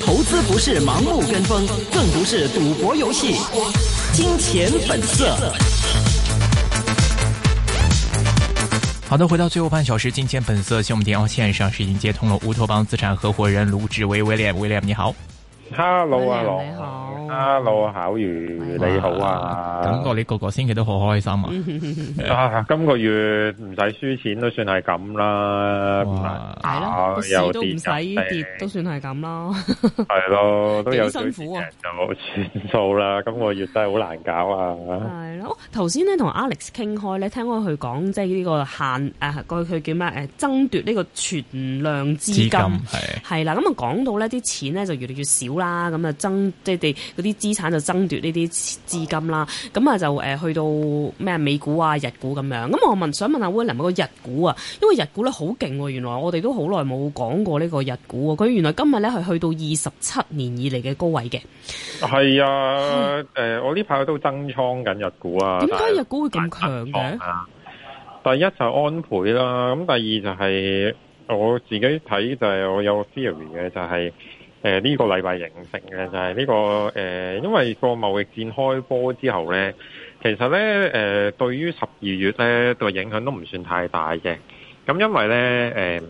投資不是盲目跟風，更不是賭博遊戲。金錢本色。好的，回到最後半小時，《金錢本色》節目電話線上是已經接通了烏托邦資產合夥人盧志威威廉威廉，William，你好。hello 啊羅你好，hello 啊巧如你好啊，感覺你個個星期都好開心啊，今個月唔使輸錢都算係咁啦，係咯，有跌都唔使跌都算係咁咯，係咯，都有辛苦啊，就算數啦，今個月真係好難搞啊，係咯，頭先咧同 Alex 傾開咧，聽開佢講，即係呢個限誒佢佢叫咩誒爭奪呢個存量資金係係啦，咁啊講到咧啲錢咧就越嚟越少。啦咁啊爭即係啲嗰啲資產就爭奪呢啲資金啦，咁啊就誒去到咩美股啊、日股咁樣，咁我問想問，問下 William，個日股啊，因為日股咧好勁，原來我哋都好耐冇講過呢個日股啊，佢原來今日咧係去到二十七年以嚟嘅高位嘅。係啊，誒、 呃，我呢排都增倉緊日股啊。點解是日股會咁強嘅？第一就係安倍啦，咁第二就係、是、我自己睇就係、是、我有個 theory 嘅就係、是。誒呢、呃，這個禮拜形成嘅就係呢、這個誒、呃，因為個貿易戰開波之後咧，其實咧誒、呃、對於十二月咧對影響都唔算太大嘅。咁因為咧、呃、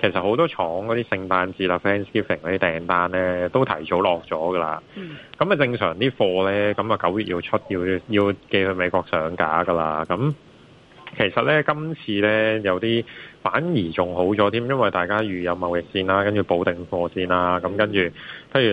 其實好多廠嗰啲聖誕節啦、Thanksgiving 嗰啲訂單咧都提早落咗㗎啦。咁啊、mm. 正常啲貨咧，咁啊九月要出要要寄去美國上架㗎啦。咁其實咧，今次咧有啲反而仲好咗添，因為大家預有貿易戰啦，跟住補定貨先啦，咁跟住，譬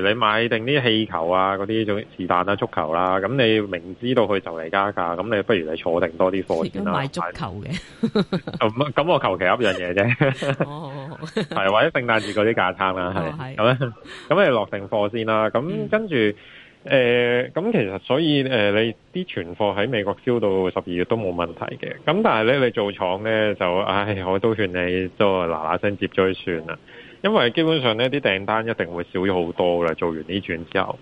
如你買定啲氣球啊，嗰啲仲是但啦，足球啦、啊，咁你明知道佢就嚟加價，咁你不如你坐定多啲貨先啦。賣足球嘅但，咁、 啊、我求其一樣嘢啫。哦，係或者聖誕節嗰啲架撐啦，係，係咁你落定貨先啦，咁跟住。嗯。誒咁、呃、其實所以誒、呃、你啲存貨喺美國燒到十二月都冇問題嘅，咁但係咧你做廠咧就，唉我都勸你都嗱嗱聲接咗去算啦。因為基本上呢啲訂單一定會少咗好多啦，做完呢轉之後，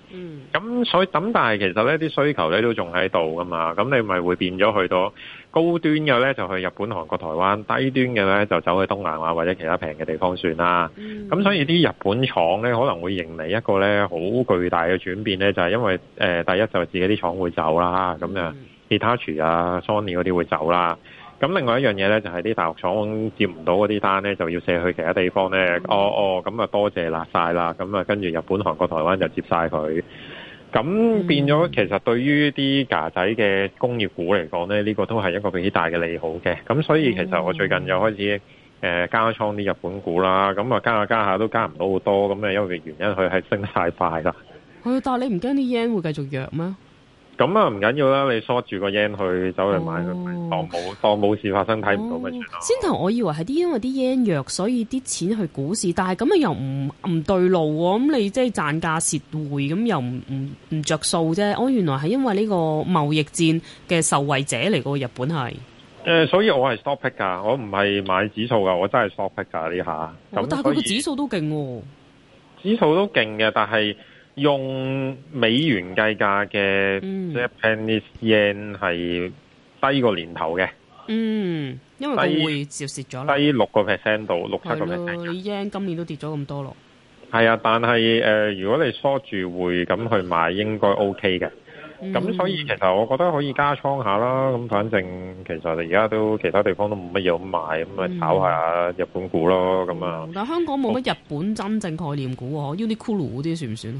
咁、嗯、所以等，但係其實呢啲需求呢都仲喺度噶嘛，咁你咪會變咗去到高端嘅呢，就去日本、韓國、台灣，低端嘅呢，就走去東南亞或者其他平嘅地方算啦。咁、嗯、所以啲日本廠呢可能會迎嚟一個呢好巨大嘅轉變呢，就係、是、因為、呃、第一就自己啲廠會走啦，咁、嗯、啊 Hitachi 啊 Sony 嗰啲會走啦。咁另外一樣嘢咧，就係、是、啲大學廠接唔到嗰啲單咧，就要卸去其他地方咧、嗯哦。哦哦，咁啊多謝曬啦。咁啊，跟住日本、韓國、台灣就接曬佢。咁變咗，嗯、其實對於啲架仔嘅工業股嚟講咧，呢、這個都係一個幾大嘅利好嘅。咁所以其實我最近又開始、呃、加倉啲日本股啦。咁啊，加下加下都加唔到好多。咁啊，因為原因佢係升得太快啦。係、嗯，但你唔驚啲 yen 會繼續弱咩？咁啊，唔緊要啦，你梳住個 yen 去，去買，走嚟買佢，當冇當冇事發生，睇唔到咩、哦、先頭我以為係啲，因為啲 yen 弱，所以啲錢去股市，但係咁啊，你又唔唔對路喎。咁你即係賺價蝕匯，咁又唔唔唔着數啫。我原來係因為呢個貿易戰嘅受惠者嚟噶，日本係。誒、呃，所以我係 stock pick 噶，我唔係買指數噶，我真係 stock pick 噶呢下。但係佢個指數都勁喎，指數都勁嘅，但係。用美元計價嘅，即係 Japanese yen 係低個年頭嘅，嗯，因為佢會跌蝕咗低六個 percent 到六七個 percent，yen 今年都跌咗咁多咯，係啊，但係誒、呃，如果你疏住匯咁去買應、OK，應該 OK 嘅，咁所以其實我覺得可以加倉下啦，咁反正其實我哋而家都其他地方都冇乜嘢好買，咁啊炒下日本股咯，咁啊、嗯嗯，但香港冇乜日本真正概念股喎，Uniqlo 嗰啲算唔算？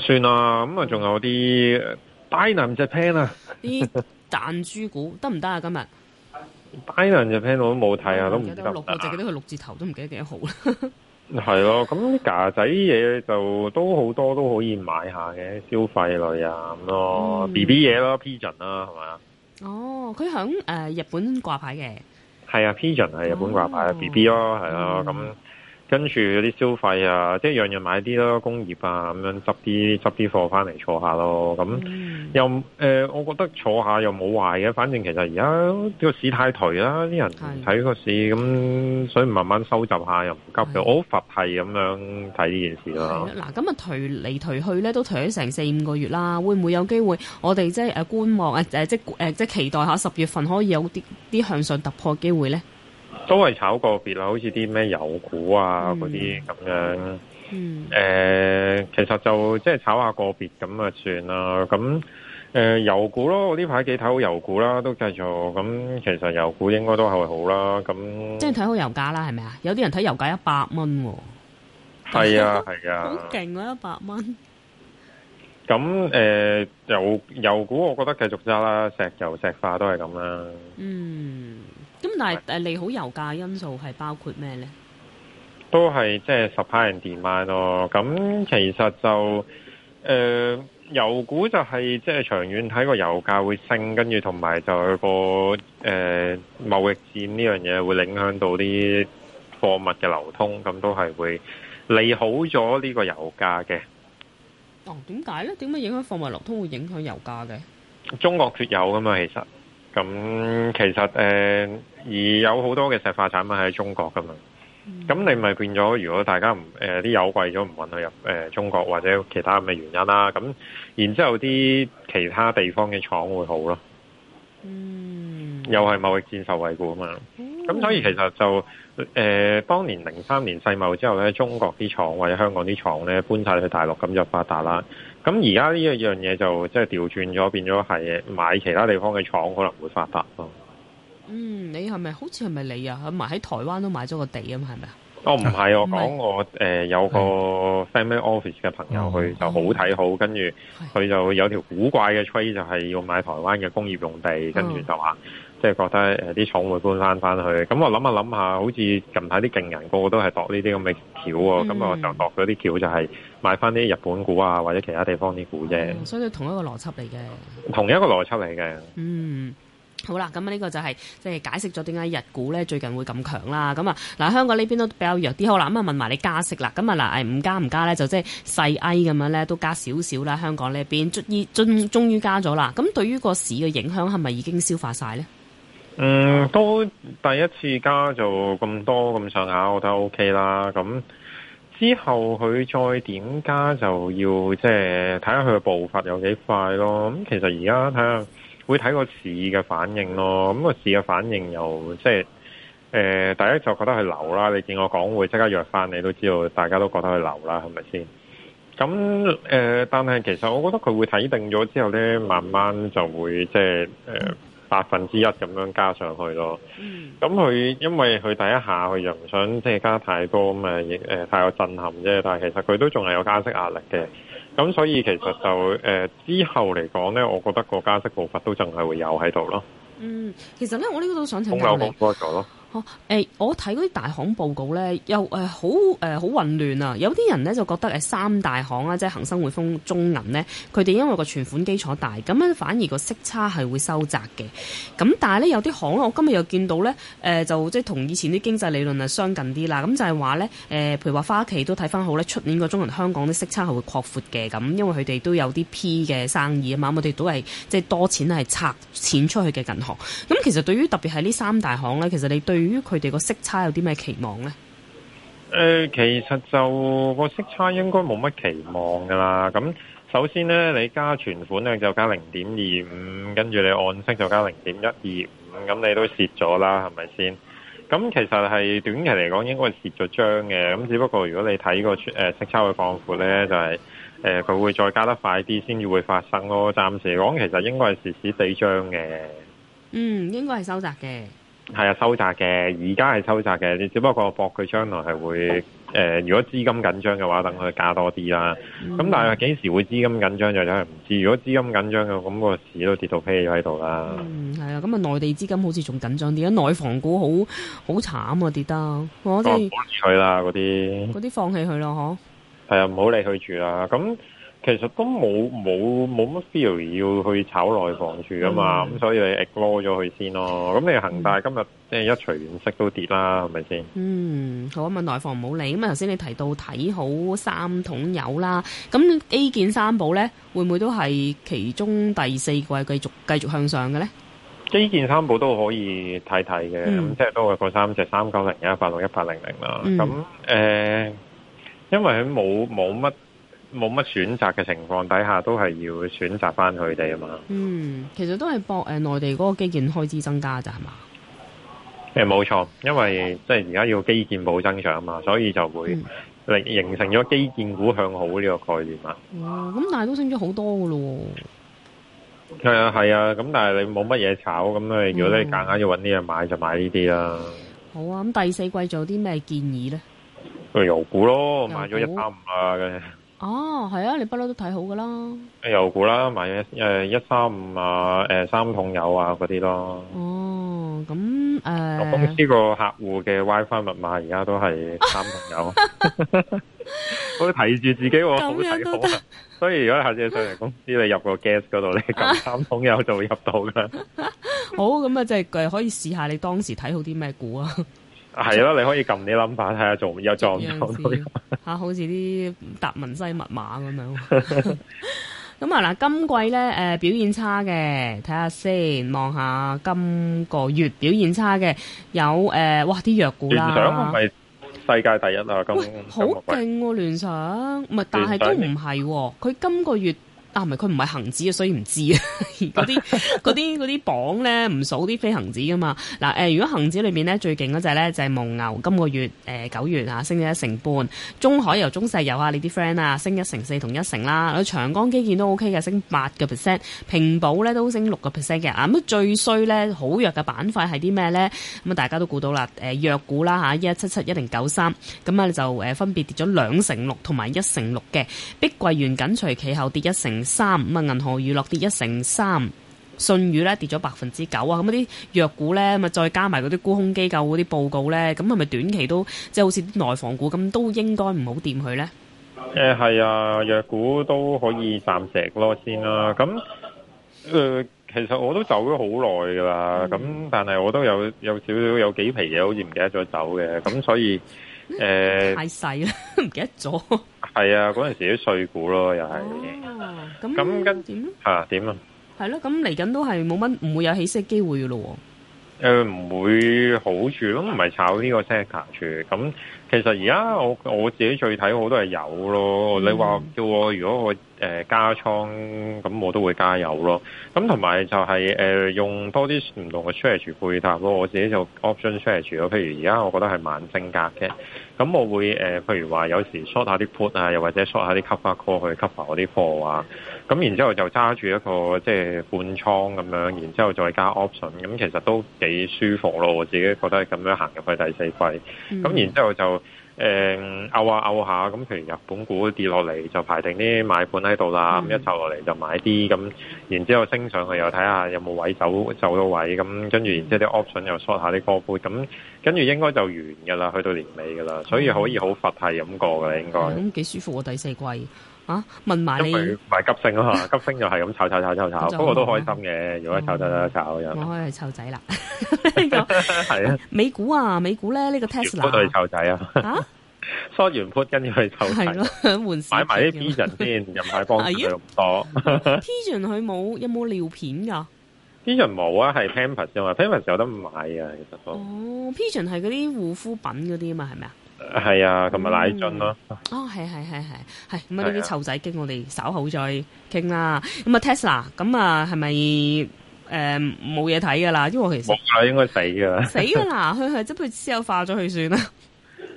算啦，咁啊，仲有啲 Dynam Japan 啊，啲彈珠股得唔得啊？今日 Dynam Japan 我都冇睇啊，都唔我記得六，我記得佢六字頭，都唔記得幾多號啦。係咯，咁啲架仔嘢就都好多都可以買下嘅，消費類啊咁咯，B B 嘢咯，Pigeon 啦，係嘛？哦，佢響誒日本掛牌嘅，係啊，Pigeon 係日本掛牌啊，B B 咯，係咯，咁。跟住嗰啲消費啊，即係樣樣買啲咯，工業啊咁樣執啲執啲貨翻嚟坐下咯。咁、嗯、又誒、呃，我覺得坐下又冇壞嘅。反正其實而家個市太頹啦，啲人唔睇個市咁的，所以慢慢收集下又唔急嘅。的我好佛系咁樣睇呢件事咯。嗱，咁啊，頹嚟頹去咧，都頹咗成四五個月啦。會唔會有機會我哋即係誒觀望即係即係期待下十月份可以有啲啲向上突破機會咧？都係炒個別啦，好似啲咩油股啊嗰啲咁樣。嗯、呃。其實就即係炒下個別咁啊算啦。咁、呃、油股咯，我呢排幾睇好油股啦，都繼續。咁其實油股應該都係好啦。咁即係睇好油價啦，係咪啊？有啲人睇油價一百蚊喎。係啊，係啊。好勁喎！一百蚊。咁、呃、油油股，我覺得繼續揸啦。石油石化都係咁啦。嗯。咁但係誒，利好油價因素係包括咩咧？都係即係 supply and demand 咯。咁其實就誒、呃，油股就係即係長遠睇個油價會升，跟住同埋就有個誒、呃、貿易戰呢樣嘢會影響到啲貨物嘅流通，咁都係會利好咗呢個油價嘅。哦，點解咧？點解影響貨物流通會影響油價嘅？中國缺油啊嘛，其實。咁其實誒、呃，而有好多嘅石化產品喺中國噶嘛，咁、嗯、你咪變咗？如果大家唔誒啲油貴咗，唔允佢入、呃、中國或者其他咁嘅原因啦、啊，咁然之後啲其他地方嘅廠會好咯。嗯，又係貿易戰受惠股啊嘛。咁、嗯、所以其實就誒、呃，當年零三年世貿之後咧，中國啲廠或者香港啲廠咧搬曬去大陸，咁就發達啦。咁而家呢一樣嘢就即係調轉咗，變咗係買其他地方嘅廠可能會發達咯。嗯，你係咪好似係咪你啊？嚇，埋喺台灣都買咗個地啊？嘛，係咪啊？我唔係，我講我誒有個 family office 嘅朋友，佢的就好睇好，跟住佢就有條古怪嘅 trade 就係要買台灣嘅工業用地，跟住的就話即係覺得啲、呃、廠會搬翻翻去。咁、嗯嗯、我諗下諗下，好似近排啲勁人個個都係度呢啲咁嘅橋喎。咁啊、嗯，我就度咗啲橋就係、是。買翻啲日本股啊，或者其他地方啲股啫。嗯，所以都同一個邏輯嚟嘅。同一個邏輯嚟嘅。嗯，好啦，咁呢個就係即係解釋咗點解日股咧最近會咁強啦。咁啊，嗱，香港呢邊都比較弱啲。好啦，咁啊，問埋你加息啦。咁啊，嗱，誒，唔加唔加咧，就即係細 A 咁樣咧，都加少少啦。香港呢邊終於終於加咗啦。咁對於個市嘅影響係咪已經消化晒咧？嗯，都第一次加就咁多咁上下，我覺得 OK 啦。咁。之後佢再點加就要即係睇下佢嘅步伐有幾快咯。咁其實而家睇下會睇個市嘅反應咯。咁個市嘅反應又即係誒，呃，大家就覺得係流啦。你見我講會即刻約翻你，都知道大家都覺得係流啦，係咪先？咁誒、呃，但係其實我覺得佢會睇定咗之後咧，慢慢就會即係誒。呃百分之一咁樣加上去咯，咁、嗯、佢、嗯、因為佢第一下佢又唔想即係加太多咁誒，誒、呃、太有震撼啫。但係其實佢都仲係有加息壓力嘅，咁所以其實就誒、呃、之後嚟講咧，我覺得個加息步伐都仲係會有喺度咯。嗯，其實咧，我呢個都想請。公有誒、哦欸，我睇嗰啲大行報告咧，又誒好誒好混亂啊！有啲人咧就覺得誒三大行啊，即係恒生、匯豐、中銀咧，佢哋因為個存款基礎大，咁樣反而個息差係會收窄嘅。咁但係咧，有啲行我今日又見到咧，誒、呃、就即係同以前啲經濟理論啊相近啲啦。咁就係話咧，誒、呃、譬如話花旗都睇翻好咧，出年個中銀香港啲息差係會擴闊嘅。咁因為佢哋都有啲 P 嘅生意啊嘛，我哋都係即係多錢係拆錢出去嘅銀行。咁其實對於特別係呢三大行咧，其實你對對於佢哋個息差有啲咩期望呢？誒、呃，其實就個息差應該冇乜期望噶啦。咁首先呢，你加存款咧就加零點二五，跟住你按息就加零點一二五，咁你都蝕咗啦，係咪先？咁其實係短期嚟講，應該係蝕咗張嘅。咁只不過如果你睇個誒息差嘅降闊呢，就係誒佢會再加得快啲，先至會發生咯。暫時嚟講，其實應該係蝕蝕地張嘅。嗯，應該係收窄嘅。係啊，收窄嘅，而家係收窄嘅，你只不過博佢將來係會誒、嗯呃，如果資金緊張嘅話，等佢加多啲啦。咁、嗯、但係幾時會資金緊張就真係唔知。如果資金緊張嘅，咁、那個市都跌到飛咗喺度啦。嗯，係啊，咁啊，內地資金好似仲緊張啲啊，內房股好好慘啊，跌得我哋放棄佢啦，嗰啲嗰啲放棄佢啦，嗬？係啊，唔好、啊、理佢住啦，咁。其實都冇冇冇乜 feel 要去炒內房住噶嘛，咁、嗯、所以你 ignore 咗佢先咯。咁你恒大今日即係一除息都跌啦，係咪先？嗯，好啊。咁咪內房唔好理。咁啊，頭先你提到睇好三桶油啦，咁基建三寶咧會唔會都係其中第四季繼續繼續向上嘅咧？基建三寶都可以睇睇嘅，咁、嗯、即係都係個三隻三九零、一八六、一八零零啦。咁誒、呃，因為佢冇冇乜。冇乜選擇嘅情況底下，都係要選擇翻佢哋啊嘛。嗯，其實都係博誒內地嗰個基建開支增加咋係嘛？誒，冇錯、嗯，因為、哦、即係而家要基建股增長啊嘛，所以就會形成咗基建股向好呢個概念嘛、哦、啊。咁但係都升咗好多噶咯。係啊，係啊，咁但係你冇乜嘢炒，咁咧、嗯，如果你夾硬要揾啲嘢買，就買呢啲啦。好啊，咁、嗯、第四季做啲咩建議咧？誒，油股咯，股買咗一三五啦。哦，係啊，你不嬲都睇好噶啦，油股啦，買誒一三五啊，誒三桶油啊嗰啲咯。哦，咁誒，我、呃、公司個客戶嘅 WiFi 密碼而家都係三桶油，啊、 我提住自己我好睇好膽， 所以如果你下次上嚟公司你入個 guest 嗰度咧，三桶油就會入到噶啦。啊、 好，咁啊，即係可以試下你當時睇好啲咩股啊？係咯，你可以撳啲諗法睇下做，又做唔到。嚇，好似啲達文西密碼咁樣。咁啊嗱，今季咧誒表現差嘅，睇下先，望下今個月表現差嘅有誒，哇！啲弱股啦。聯想咪世界第一啊，咁好勁喎！聯想咪，但係都唔係喎，佢今個月。啊，係咪佢唔係恒指啊，所以唔知啊。嗰啲啲啲榜咧，唔數啲非恆指㗎嘛。嗱、呃，誒、呃，如果恒指裏面咧最勁嗰隻咧就係、就係、蒙牛，今個月誒、呃、九月嚇升咗一成半。中海油、中石油啊，你啲 friend 啊升一成四同一成啦、啊。長江基建都 OK 嘅，升八個 percent。平保咧都升六個 percent 嘅。啊，咁最衰咧好弱嘅板塊係啲咩咧？咁啊，大家都估到啦。誒、啊，弱股啦嚇，一七七一零九三，咁啊 93, 就誒分別跌咗兩成六同埋一成六嘅。碧桂園緊隨其後跌一成。三，咁啊，銀河娛樂跌一成三，信宇咧跌咗百分之九啊，咁啲弱股咧，咁啊再加埋嗰啲沽空機構嗰啲報告咧，咁係咪短期都即係好似內房股咁，都應該唔好掂佢咧？誒、嗯，係啊，弱股都可以暫時咯先啦。咁誒，其實我都走咗好耐噶啦。咁但係我都有有少少有幾皮嘢，好似唔記得咗走嘅。咁所以誒，太細啦，唔記得咗。 係啊，嗰陣時啲衰股咯，又係。咁咁跟點？嚇點啊？係咯，咁嚟緊都係冇乜，唔會有起色機會噶咯。誒唔會好住咯，唔係炒呢個 sector 住咁。其實而家我我自己最睇好都係有咯，mm. 你話叫我如果我誒、呃、加倉咁我都會加油咯。咁同埋就係、是、誒、呃、用多啲唔同嘅 strategy 配搭咯，我自己就 option strategy 咯。譬如而家我覺得係慢升格嘅，咁我會、呃、譬如話有時 short 下啲 put 啊，又或者 short 下啲 cover call 去 cover 啲貨啊。咁然之後就揸住一個即係半倉咁樣，然之後再加 option，咁其實都幾舒服咯。我自己覺得咁樣行入去第四季，咁然之後就。Mm. 誒，嘔下嘔下，咁譬如日本股跌落嚟，就排定啲買盤喺度啦，咁、嗯、一湊落嚟就買啲，咁然之後升上去又睇下有冇位走走到位，咁跟住然之後啲 option、嗯、又 short 下啲波幅，咁跟住應該就完㗎啦，去到年尾㗎啦，嗯、所以可以好佛系咁過㗎，應該。咁幾、嗯、舒服喎，第四季。啊！問埋你，唔急升啊嘛，急升就係咁炒炒炒炒炒，不過都開心嘅，如果炒炒炒炒，又。我可以去湊仔啦，係啊！美股啊，美股咧呢個 Tesla。越鋪湊仔啊！啊，梳完，跟住去湊仔。係咯，換市。買埋啲 Pigeon 先，任唔放佢咁多。Pigeon 佢冇有冇尿片㗎？Pigeon 冇啊，係 Pampers 啫嘛，Pampers 有得買啊，其實。哦，Pigeon 係嗰啲護膚品嗰啲啊嘛，係咪啊？係啊，同埋奶樽咯。哦，係係係係係，咁啊呢啲臭仔經我哋稍後再傾啦。咁啊 Tesla，咁啊係咪誒冇嘢睇噶啦？因為我其實冇啊，應該死噶。死噶啦，佢係即佢私有化咗佢算啦。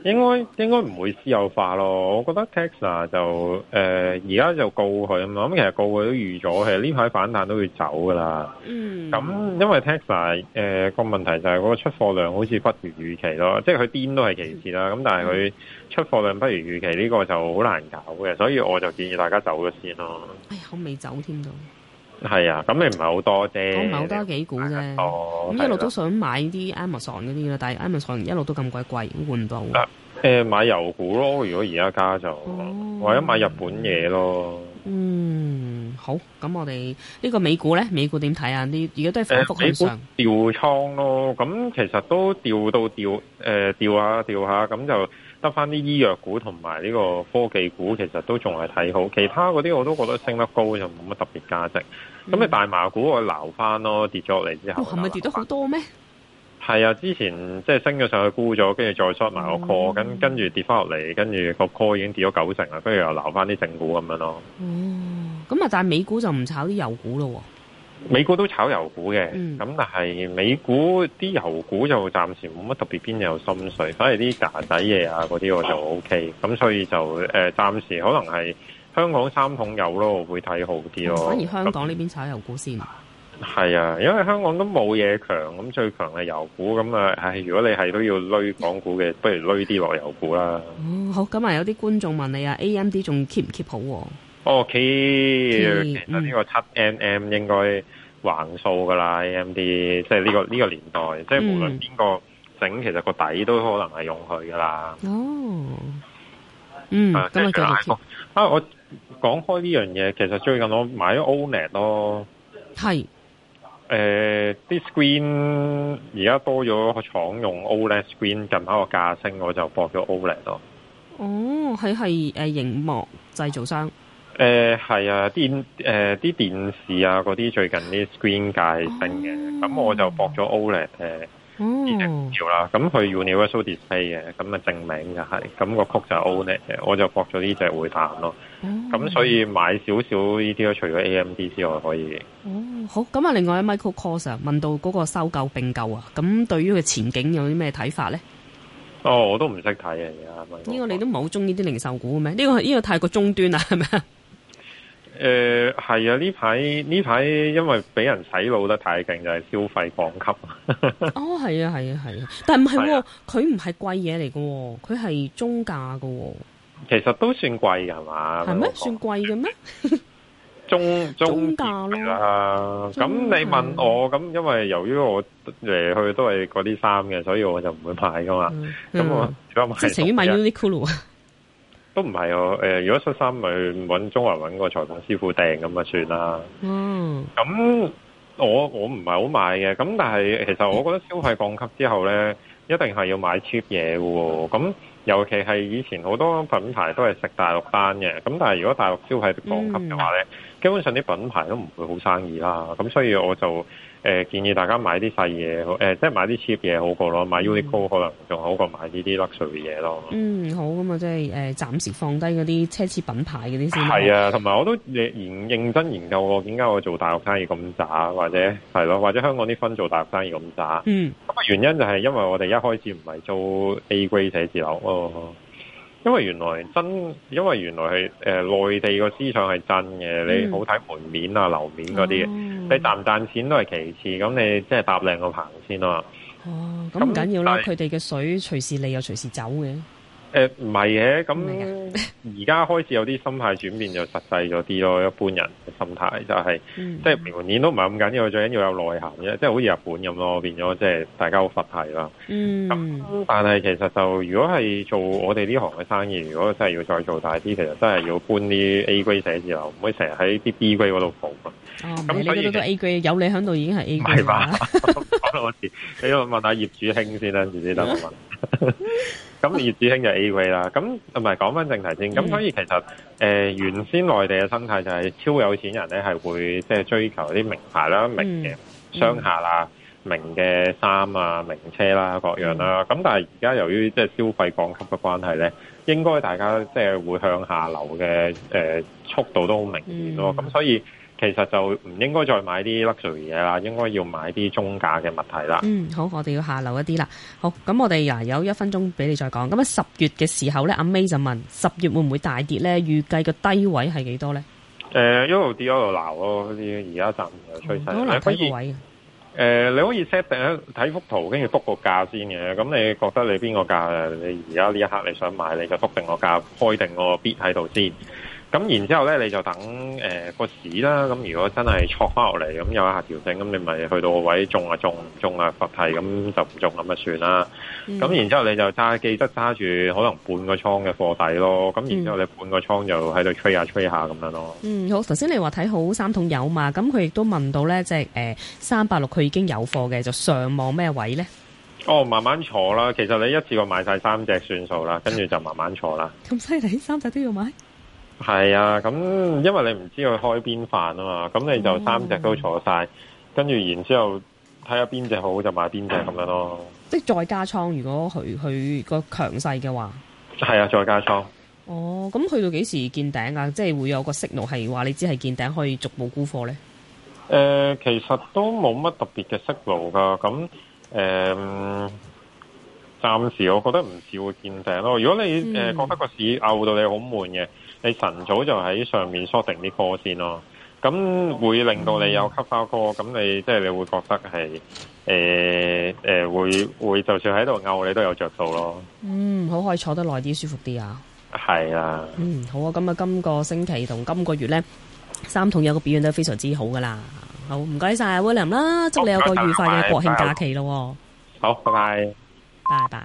應該應該唔會私有化咯，我覺得 Tesla 就誒而家就告佢啊嘛，咁其實告佢都預咗，其實呢排反彈都會走噶啦。嗯。咁、嗯、因為 Tesla、呃、誒個問題就係嗰個出貨量好似不如預期咯，即係佢癲都係其次啦，咁但係佢出貨量不如預期呢、這個就好難搞嘅，所以我就建議大家走咗先咯。哎呀，好未走添到。係啊，咁、哦、你唔係好多啫，我唔係好多幾股啫。咁、哦、一路都想買啲 Amazon 嗰啲啦，了但係 Amazon 一路都咁鬼貴，換唔到。誒、啊呃，買油股咯，如果而家加就，哦、或者買日本嘢咯。嗯，好，咁我哋呢、這個美股咧，美股點睇啊？啲而家都係反覆向上。調倉、呃、咯，咁其實都調到調誒調下調下，咁就得返啲醫藥股同埋呢個科技股，其實都仲係睇好。其他嗰啲我都覺得升得高就冇乜特別價值。咁、嗯、你大麻股我撈翻咯。跌咗落嚟之後，係咪、哦、跌咗好多咩？係啊，之前即係升咗上去沽咗，跟住再 short 埋個 call，嗯、跟跟住跌翻落嚟，跟住個 call 已經跌咗九成啦，跟住又撈翻啲正股咁樣咯。哦，咁啊，但係美股就唔炒啲油股咯、哦。美股都炒油股嘅，咁、嗯、但係美股啲油股就暫時冇乜特別邊有心水，反而啲炸仔嘢啊嗰啲我就 O K。咁所以就誒，暫、呃、時可能係。香港三桶油咯，會睇好啲咯。反而香港呢邊炒油股先係，係啊，因為香港都冇嘢強，咁最強係油股，咁啊，唉，如果你係都要推港股嘅，不如推啲落油股啦。哦，好，咁啊，有啲觀眾問你啊，A M D 仲 keep 唔 keep 好？哦，OK，其實呢個七 M M 應該橫數噶啦，A M D，即係呢個呢個年代，即係無論邊個整，其實個底都可能係用佢噶啦。哦，嗯，咁啊，繼續啊，我。講開呢樣嘢，其實最近我買咗 OLED 咯。係是，誒、呃，啲 screen 而家多咗個廠用 OLED screen，近排個價升，我就博咗 OLED 咯。哦，佢係誒，熒、啊、幕製造商。誒、呃，係啊，電誒，啲、呃、電視啊，嗰啲最近啲 screen 價升嘅，咁、哦、我就博咗 OLED 誒。呢重要啦，咁佢 Universal Display 嘅，咁啊正名、那個、就係，咁個曲就 OLED 嘅，我就博咗呢隻會彈咯，咁、嗯、所以買少少呢啲，除咗 AMD 之外可以、哦。好，咁啊，另外 Michael Corsa 問到嗰個收購並購啊，咁對於佢前景有啲咩睇法咧？哦，我都唔識睇啊，而家係咪？呢個你都唔係好中意啲零售股嘅咩？呢、這個呢、這個太過終端啦，係咪啊？誒，係、呃、啊！呢排呢排，因為俾人洗腦得太勁，就係、是、消費降級。哦，係啊，係啊，係啊，但唔係、啊，佢唔係貴嘢嚟喎，佢係中價喎、啊。其實都算貴㗎係嘛？係咩嗎？算貴嘅咩？中中價啦。咁你問我咁，我因為由於我嚟去都係嗰啲衫嘅，所以我就唔會買噶嘛。咁、嗯、我即係情願買 Uniqlo。都唔係哦，如果出三咪搵中環搵個裁縫師傅訂咁啊算啦。嗯，咁我我唔係好買嘅，咁但係其實我覺得消費降級之後呢，一定係要買 cheap 嘢嘅喎。咁尤其係以前好多品牌都係食大陸單嘅，咁但係如果大陸消費降級嘅話呢，嗯、基本上啲品牌都唔會好生意啦。咁所以我就。誒、呃、建議大家買啲細嘢，誒、呃、即係買啲 cheap 嘢好過咯，買 Uniqlo、嗯、可能仲好過買呢啲 luxury 嘢咯。嗯，好，咁啊，即係、就是呃、暫時放低嗰啲奢侈品牌嗰啲先。係啊，同埋我都認真研究過，點解我做大陸生意咁渣，或者係咯、啊，或者香港啲 fund 做大陸生意咁渣、嗯？嗯，咁原因就係因為我哋一開始唔係租 A grade 寫字樓咯。因為原來真，因為原來係誒內地個思想係真嘅，嗯、你好睇門面啊樓面嗰啲，哦、你賺唔賺錢都係其次，咁你即係搭靚個棚先啊嘛。哦，咁唔緊要啦，佢哋嘅水隨時嚟，又隨時走嘅。誒，唔係嘅，咁而家開始有啲心態轉變，就實際咗啲咯。一般人嘅心態就係、是，即係、嗯、明年都唔係咁緊要，最緊要有內涵嘅。即、就、係、是、好似日本咁咯，變咗即係大家好佛系啦。咁、嗯、但係其實就如果係做我哋呢行嘅生意，如果真係要再做大啲，其實真係要搬啲 A 區寫字樓，唔可以成日喺啲 B 區嗰度跑啊。咁你嗰 A 區有你響度已經係 A 區啦。好啦我你要問下業主兄先啦，己得我問。 咁葉子興就 A 股啦，咁同埋講翻正題先。咁所以其實誒原先內地嘅生態就係超有錢人咧係會即係追求啲名牌啦、名嘅商廈啦、名嘅衫啊、名車啦各樣啦。咁但係而家由於即係消費降級嘅關係咧，應該大家即係會向下流嘅誒速度都好明顯咯。咁所以。其實就唔應該再買啲 luxury 嘢啦，應該要買啲中價嘅物體啦。嗯，好，我哋要下流一啲啦。好，咁我哋有一分鐘俾你再講。咁啊十月嘅時候咧，阿 May 就問十月會唔會大跌咧？預計個低位係幾多咧？誒、呃、一路跌一路鬧咯，啲而家暫時趨勢。好難睇個位。誒、啊啊呃，你可以 set 定睇幅圖，跟住復個價先嘅。咁你覺得你邊個價？你而家呢一刻你想買，你就復定個價，開定個 bit 喺度先。咁然之後咧，你就等誒個、呃、市啦。咁如果真係挫翻落嚟，咁有下調整，咁你咪去到個位，中啊中，中啊佛提，咁就唔中咁咪算啦。咁、嗯、然之後你就揸記得揸住可能半個倉嘅貨底咯。咁然之後你半個倉就喺度吹下吹下咁樣咯。嗯，好。頭先你話睇好三桶油嘛？咁佢亦都問到咧，即係誒三八六，佢、呃、已經有貨嘅，就上望咩位咧？哦，慢慢坐啦。其實你一次過買晒三隻算數啦，跟住就慢慢坐啦。咁犀利，三隻都要買？係啊，咁因為你唔知佢開邊飯啊嘛，咁你就三隻都坐晒，跟住、哦、然之後睇下邊隻好就買邊隻咁樣咯。即係再加倉，如果佢佢個強勢嘅話，係啊，再加倉。哦，咁去到幾時見頂啊？即係會有個信號係話你知係見頂，可以逐步沽貨咧。誒、呃，其實都冇乜特別嘅信號噶，咁誒，暫、呃、時我覺得唔似會見頂咯。如果你誒、呃、嗯、覺得個市拗到你好悶嘅。你晨早就喺上面鎖定啲貨先咯，咁會令到你有吸收過咁你即係、就是、你會覺得係誒誒會會就算喺度拗你都有着數咯。嗯，好可以坐得耐啲舒服啲啊。係啊。嗯，好啊，咁啊今個星期同今個月咧，三桶有個表現都非常之好㗎喇。好，唔該晒 William 啦，祝你有個愉快嘅國慶假期咯。好，拜拜。拜拜。